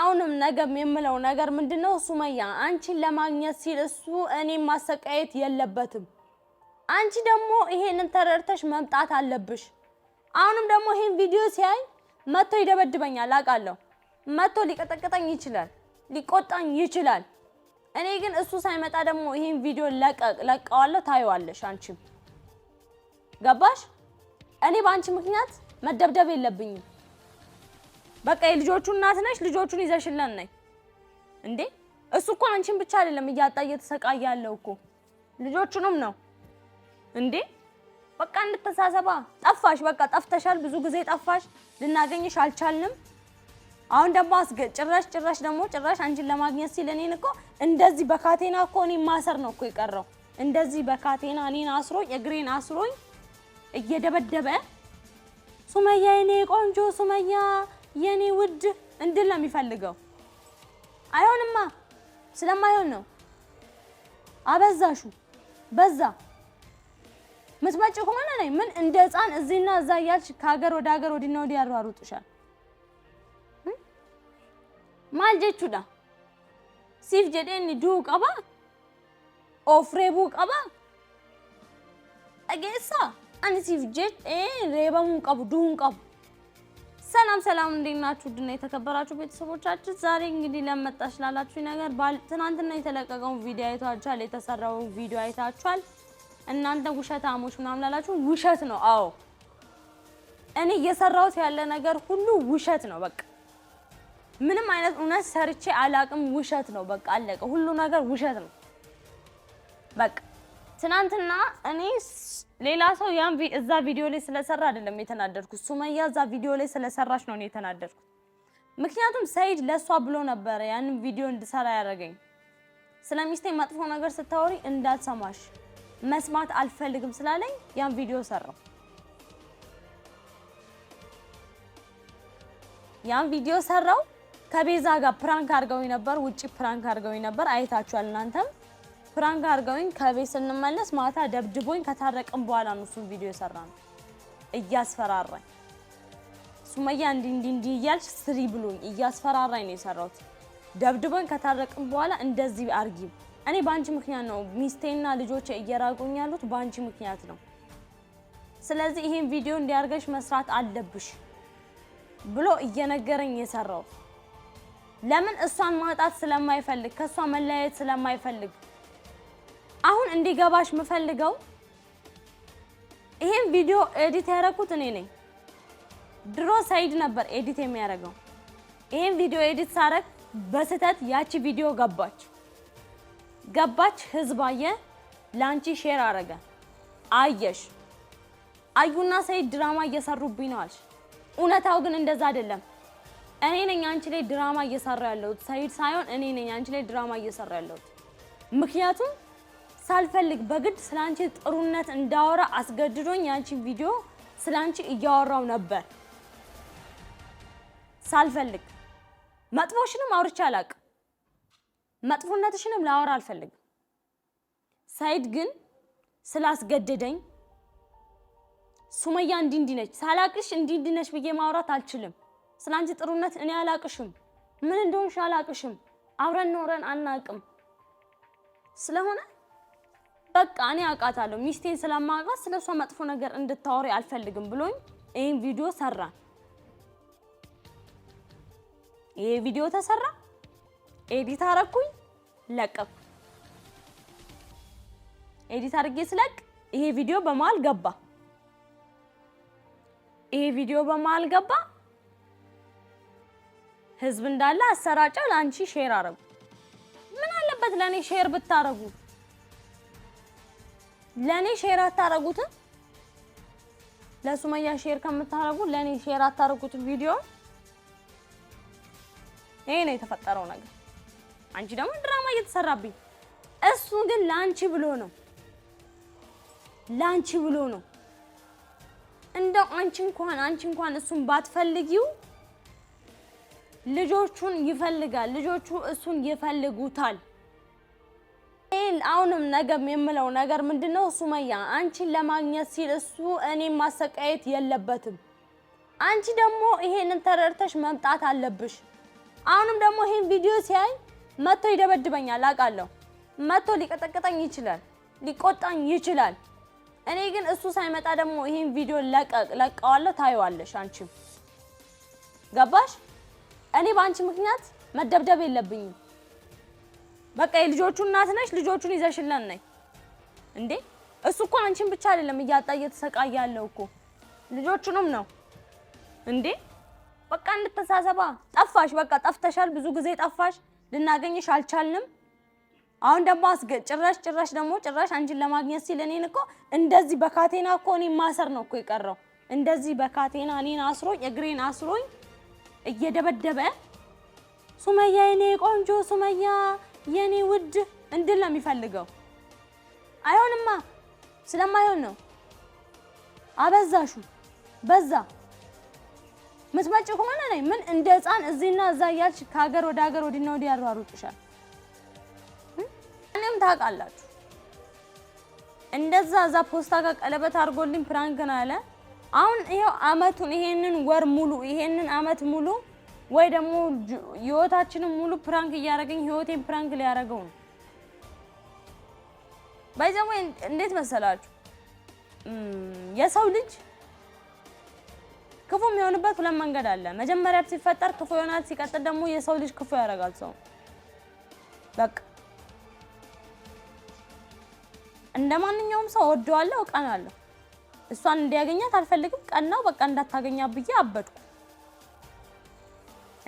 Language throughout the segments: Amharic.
አሁንም ነገም የምለው ነገር ምንድነው ሱመያ አንቺን ለማግኘት ሲል እሱ እኔም ማሰቃየት የለበትም። አንቺ ደግሞ ይሄንን ተረድተሽ መምጣት አለብሽ። አሁንም ደግሞ ይሄን ቪዲዮ ሲያይ መጥቶ ይደበድበኛል አውቃለሁ። መጥቶ ሊቀጠቅጠኝ ይችላል፣ ሊቆጣኝ ይችላል። እኔ ግን እሱ ሳይመጣ ደግሞ ይሄን ቪዲዮ ለቀቅ ለቀዋለሁ። ታየዋለሽ። አንቺም ገባሽ። እኔ በአንቺ ምክንያት መደብደብ የለብኝም። በቃ የልጆቹ እናት ነሽ፣ ልጆቹን ይዘሽለን ነይ። እንዴ እሱ እኮ አንቺን ብቻ አይደለም እያጣ እየተሰቃየ ያለው እኮ ልጆቹንም ነው እንዴ። በቃ እንተሳሰባ። ጠፋሽ፣ በቃ ጠፍተሻል። ብዙ ጊዜ ጠፋሽ፣ ልናገኝሽ አልቻልንም። አሁን ደግሞ አስገ ጭራሽ ጭራሽ ደግሞ ጭራሽ አንቺን ለማግኘት ሲል እኔን እኮ እንደዚህ በካቴና እኮ እኔ ማሰር ነው እኮ የቀረው። እንደዚህ በካቴና እኔን አስሮኝ እግሬን አስሮኝ እየደበደበ ሱመያ፣ የኔ ቆንጆ ሱመያ የኔ ውድ እንድል ነው የሚፈልገው። አይሆንማ፣ ስለማይሆን ነው። አበዛሹ በዛ። የምትመጪው ከሆነ ነኝ። ምን እንደ ሕፃን እዚህና እዛ እያልሽ ከሀገር ወደ ሀገር ወዲና ወዲህ ያሯሩጥሻል። ማል ጀቹዳ ሲፍ ጀዴን ዱ ቀባ ኦፍሬቡ ቀባ አጌሳ አን ሲፍ ጀዴን ቀቡ ዱን ቀቡ ሰላም ሰላም፣ እንዴት ናችሁ? ድና የተከበራችሁ ቤተሰቦቻችን ዛሬ እንግዲህ ለመጣች ላላችሁ ነገር ትናንትና የተለቀቀውን ቪዲዮ አይታችኋል፣ የተሰራውን ቪዲዮ አይታችኋል። እናንተ ውሸታሞች ምናምን ላላችሁ ውሸት ነው። አዎ እኔ እየሰራሁት ያለ ነገር ሁሉ ውሸት ነው። በቃ ምንም አይነት እውነት ሰርቼ አላቅም። ውሸት ነው። በቃ አለቀ። ሁሉ ነገር ውሸት ነው። በቃ ትናንትና እኔ ሌላ ሰው ያን እዛ ቪዲዮ ላይ ስለሰራ አይደለም የተናደድኩት፣ ሱመያ እዛ ቪዲዮ ላይ ስለሰራች ነው የተናደድኩት። ምክንያቱም ሰይድ ለእሷ ብሎ ነበረ ያንን ቪዲዮ እንድሰራ ያደረገኝ። ስለ ሚስቴ መጥፎ ነገር ስታወሪ እንዳልሰማሽ መስማት አልፈልግም ስላለኝ ያን ቪዲዮ ሰራው። ያን ቪዲዮ ሰራው። ከቤዛ ጋር ፕራንክ አድርገው ነበር፣ ውጭ ፕራንክ አድርገው ነበር። አይታችኋል እናንተም ፕራንክ አድርገውኝ ከቤት ስንመለስ ማታ ደብድቦኝ ከታረቅም በኋላ ነው እሱን ቪዲዮ የሰራ ነው። እያስፈራራኝ ሱመያ እንዲ እንዲ እንዲ እያልሽ ስሪ ብሎኝ እያስፈራራኝ ነው የሰራሁት። ደብድቦኝ ከታረቅም በኋላ እንደዚህ አርጊ፣ እኔ በአንቺ ምክንያት ነው ሚስቴና ልጆቼ እየራቁኝ ያሉት በአንቺ ምክንያት ነው። ስለዚህ ይሄን ቪዲዮ እንዲያርገሽ መስራት አለብሽ ብሎ እየነገረኝ የሰራሁት ለምን እሷን ማጣት ስለማይፈልግ ከእሷ መለያየት ስለማይፈልግ አሁን እንዲገባሽ የምፈልገው ይሄን ቪዲዮ ኤዲት ያደረኩት እኔ ነኝ። ድሮ ሳይድ ነበር ኤዲት የሚያደርገው። ይሄን ቪዲዮ ኤዲት ሳረግ በስህተት ያቺ ቪዲዮ ገባች ገባች፣ ህዝብ አየ፣ ላንቺ ሼር አረገ፣ አየሽ። አዩና ሰይድ ድራማ እየሰሩብኝ ነው አልሽ። እውነታው ግን እንደዛ አይደለም። እኔ ነኝ አንቺ ላይ ድራማ እየሰራ ያለሁት፣ ሰይድ ሳይሆን እኔ ነኝ አንቺ ላይ ድራማ እየሰራ ያለሁት ምክንያቱም ሳልፈልግ በግድ ስላንቺ ጥሩነት እንዳወራ አስገድዶኝ ያንቺን ቪዲዮ ስላንቺ እያወራው ነበር። ሳልፈልግ መጥፎሽንም አውርቼ አላቅም። መጥፎነትሽንም ላወራ አልፈልግም። ሳይድ ግን ስላስገደደኝ ሱመያ እንዲህ እንዲህ ነች፣ ሳላቅሽ እንዲህ እንዲህ ነች ብዬ ማውራት አልችልም። ስላንቺ ጥሩነት እኔ አላቅሽም፣ ምን እንደሆንሽ አላቅሽም፣ አብረን ኖረን አናቅም ስለሆነ በቃ እኔ አውቃታለሁ ሚስቴን ስለማውቃት ስለሷ መጥፎ ነገር እንድታወሪ አልፈልግም ብሎኝ ይህን ቪዲዮ ሰራ። ይሄ ቪዲዮ ተሰራ፣ ኤዲት አረኩኝ፣ ለቀኩ። ኤዲት አድርጌ ስለቅ ይሄ ቪዲዮ በመሀል ገባ። ይሄ ቪዲዮ በመሀል ገባ። ህዝብ እንዳለ አሰራጨው። ለአንቺ ሼር አረጉ። ምን አለበት ለእኔ ሼር ብታረጉ? ለእኔ ሼር አታረጉትም? ለሱመያ ሼር ከምታረጉ ለእኔ ሼር አታረጉትም? ቪዲዮ ይሄ ነው የተፈጠረው ነገር። አንቺ ደግሞ ድራማ እየተሰራብኝ፣ እሱ ግን ለአንቺ ብሎ ነው ለአንቺ ብሎ ነው። እንደው አንቺ እንኳን አንቺ እንኳን እሱን ባትፈልጊው ልጆቹን ይፈልጋል። ልጆቹ እሱን ይፈልጉታል። አሁንም ነገም የምለው ነገር ምንድነው ሱመያ አንቺን ለማግኘት ሲል እሱ እኔ ማሰቃየት የለበትም። አንቺ ደግሞ ይሄንን ተረድተሽ መምጣት አለብሽ። አሁንም ደግሞ ይሄን ቪዲዮ ሲያይ መጥቶ ይደበድበኛል አውቃለሁ። መጥቶ ሊቀጠቅጠኝ ይችላል፣ ሊቆጣኝ ይችላል። እኔ ግን እሱ ሳይመጣ ደግሞ ይሄን ቪዲዮ ለቀቅ ለቀዋለሁ። ታየዋለሽ። አንቺም ገባሽ? እኔ በአንቺ ምክንያት መደብደብ የለብኝም። በቃ የልጆቹ እናት ነሽ፣ ልጆቹን ይዘሽለን ነኝ እንዴ? እሱ እኮ አንቺን ብቻ አይደለም እያጣ እየተሰቃየ ያለው እኮ ልጆቹንም ነው እንዴ? በቃ እንድተሳሰባ ጠፋሽ። በቃ ጠፍተሻል፣ ብዙ ጊዜ ጠፋሽ፣ ልናገኝሽ አልቻልንም። አሁን ደግሞ ጭራሽ ጭራሽ ደግሞ ጭራሽ አንቺን ለማግኘት ሲል እኔን እኮ እንደዚህ በካቴና እኮ እኔን ማሰር ነው እኮ የቀረው። እንደዚህ በካቴና እኔን አስሮኝ እግሬን አስሮኝ እየደበደበ ሱመያ፣ የኔ ቆንጆ ሱመያ የኔ ውድ እንድል ነው የሚፈልገው። አይሆንማ፣ ስለማይሆን ነው። አበዛሹ በዛ። ምትመጪ ከሆነ ነኝ። ምን እንደ ህፃን እዚህና እዛ እያልሽ ከሀገር ወደ ሀገር ወዲና ወዲህ ያሯሩጥሻል። እኔም ታውቃላችሁ እንደዛ እዛ ፖስታ ጋር ቀለበት አድርጎልኝ ፕራንክ ነው አለ። አሁን ይሄው አመቱን ይሄንን ወር ሙሉ ይሄንን አመት ሙሉ ወይ ደግሞ ህይወታችንን ሙሉ ፕራንክ እያደረገኝ ህይወቴን ፕራንክ ሊያደርገው ነው። ባይዘሞ እንዴት መሰላችሁ የሰው ልጅ ክፉ የሚሆንበት ሁለት መንገድ አለ። መጀመሪያ ሲፈጠር ክፉ ይሆናል። ሲቀጥል ደግሞ የሰው ልጅ ክፉ ያደርጋል። ሰው በቃ እንደ ማንኛውም ሰው ወደዋለሁ፣ እቀናለሁ። እሷን እንዲያገኛት አልፈልግም። ቀናው በቃ እንዳታገኛ ብዬ አበድኩ።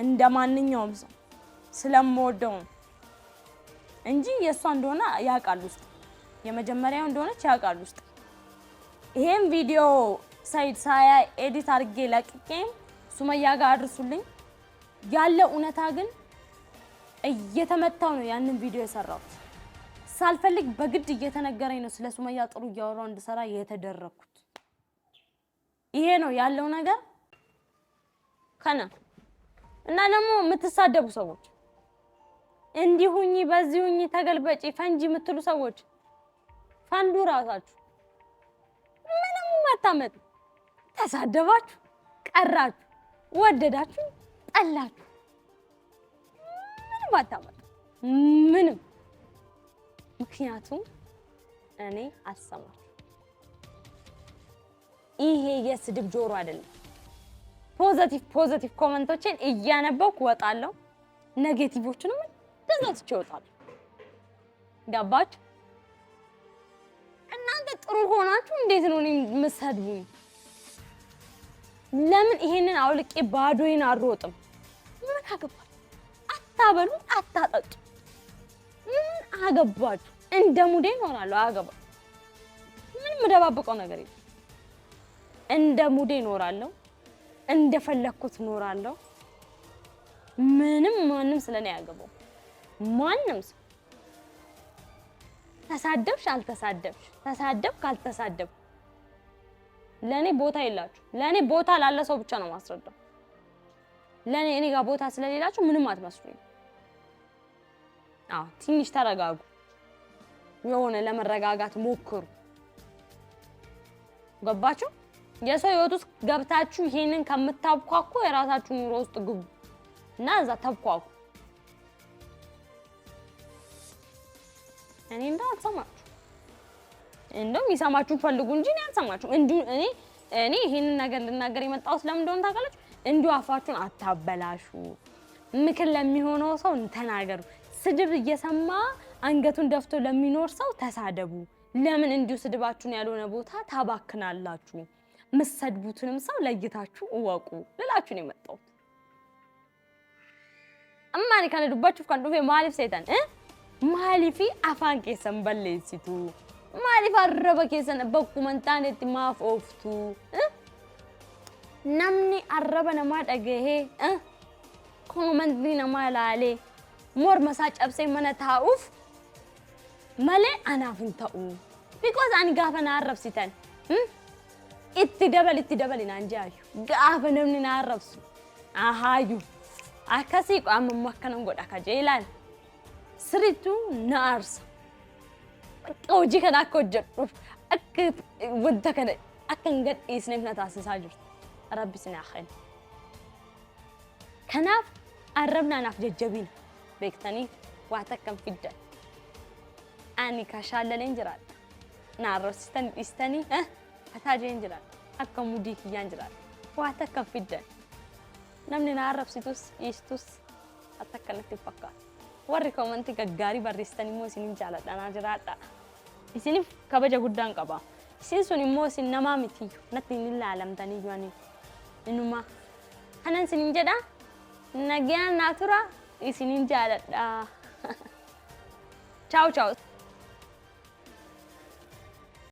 እንደ ማንኛውም ሰው ስለምወደው ነው እንጂ የእሷ እንደሆነ ያውቃል ውስጥ የመጀመሪያው እንደሆነች ያውቃል ውስጥ ይሄን ቪዲዮ ሳይድ ሳያ ኤዲት አድርጌ ለቅቄም ሱመያ ጋር አድርሱልኝ። ያለ እውነታ ግን እየተመታው ነው። ያንን ቪዲዮ የሰራሁት ሳልፈልግ በግድ እየተነገረኝ ነው። ስለ ሱመያ ጥሩ እያወራው እንድሰራ የተደረግኩት ይሄ ነው ያለው ነገር ከነ እና ደግሞ የምትሳደቡ ሰዎች እንዲሁኝ በዚሁኝ ተገልበጪ ፈንጂ የምትሉ ሰዎች ፈንዱ ራሳችሁ ምንም አታመጡ። ተሳደባችሁ፣ ቀራችሁ፣ ወደዳችሁ፣ ጠላችሁ ምንም አታመጡ ምንም። ምክንያቱም እኔ አሰማችሁ። ይሄ የስድብ ጆሮ አይደለም። ፖዘቲቭ ፖዘቲቭ ኮመንቶችን እያነበብኩ እወጣለሁ። ኔጌቲቮቹንም እንደዛ ትቼ እወጣለሁ። ገባችሁ? እናንተ ጥሩ ሆናችሁ እንዴት ነው እኔን የምትሰድቡኝ? ለምን ይሄንን አውልቄ ባዶዬን አልሮጥም? ምን አገባችሁ? አታበሉ፣ አታጠጡ። ምን አገባችሁ? እንደ ሙዴ እኖራለሁ። አገባ ምንም የምደባብቀው ነገር የለም። እንደ ሙዴ እኖራለሁ። እንደፈለግኩት እኖራለሁ ምንም ማንም ስለኔ ያገባው ማንም ሰው ተሳደብሽ አልተሳደብሽ፣ ተሳደብክ አልተሳደብክ ለኔ ቦታ የላችሁ። ለእኔ ቦታ ላለ ሰው ብቻ ነው ማስረዳው። ለኔ እኔ ጋር ቦታ ስለሌላችሁ ምንም አትመስሉኝ። አዎ ትንሽ ተረጋጉ፣ የሆነ ለመረጋጋት ሞክሩ። ገባችሁ? የሰው ህይወት ውስጥ ገብታችሁ ይሄንን ከምታብኳኩ የራሳችሁ ኑሮ ውስጥ ግቡ እና እዛ ተብኳኩ። እኔ እንደ አልሰማችሁ እንደውም ይሰማችሁ ፈልጉ እንጂ እኔ አልሰማችሁ። እንዲሁ እኔ እኔ ይሄንን ነገር ልናገር የመጣው ለምን እንደሆነ ታውቃላችሁ? እንዲሁ አፋችሁን አታበላሹ። ምክር ለሚሆነው ሰው ተናገሩ። ስድብ እየሰማ አንገቱን ደፍቶ ለሚኖር ሰው ተሳደቡ። ለምን እንዲሁ ስድባችሁን ያልሆነ ቦታ ታባክናላችሁ? የምትሰድቡትንም ሰው ለይታችሁ እወቁ ልላችሁ ነው የመጣሁት። አማኒ ካለ ዱባችሁ ካን ዱፌ ማሊፍ ሰይጣን እ ማሊፊ አፋን ኬሰን በሌሲቱ ማሊፍ አረበ ኬሰን በኩመንታን እቲ ማፍ ኦፍቱ namni arraba namaa dhagahee koomantii namaa ilaalee morma isaa cabsee mana taa'uuf malee anaaf hin ta'u. Bikoos ani gaafa na arrabsitan. itti dabal itti dabalina anjaayu gaafa namni na arrabsu ahaayu akkasii qaamammoo akkanan godha kajeelaan sirriittuu na aarsa akka hojii kana akka hojjedhuuf akka wanta kana akka hin gadhiisneef na taasisaa jirti rabbis na akhani kanaaf arrabnaanaaf jajjabina beektanii waa takkan fiddan ani ka shaallaleen jiraadha na arrabsitanii dhiistanii Kafataa jireen jira. Akka mudii kiyyaan jira. Waan akka fidda. Namni na arrabsitus dhiistus akka akkanatti fakkaata. Warri koomantii gaggaarii barreessitan immoo isin jaaladhanaa jiraadha. Isiniif kabaja guddaa hin qaba. Isin sun immoo isin namaa miti natti hin ilaalamtanii jiranii. Inuma kanan isin jedha nagaan naa tura isinin jaaladha. Ciao ciao.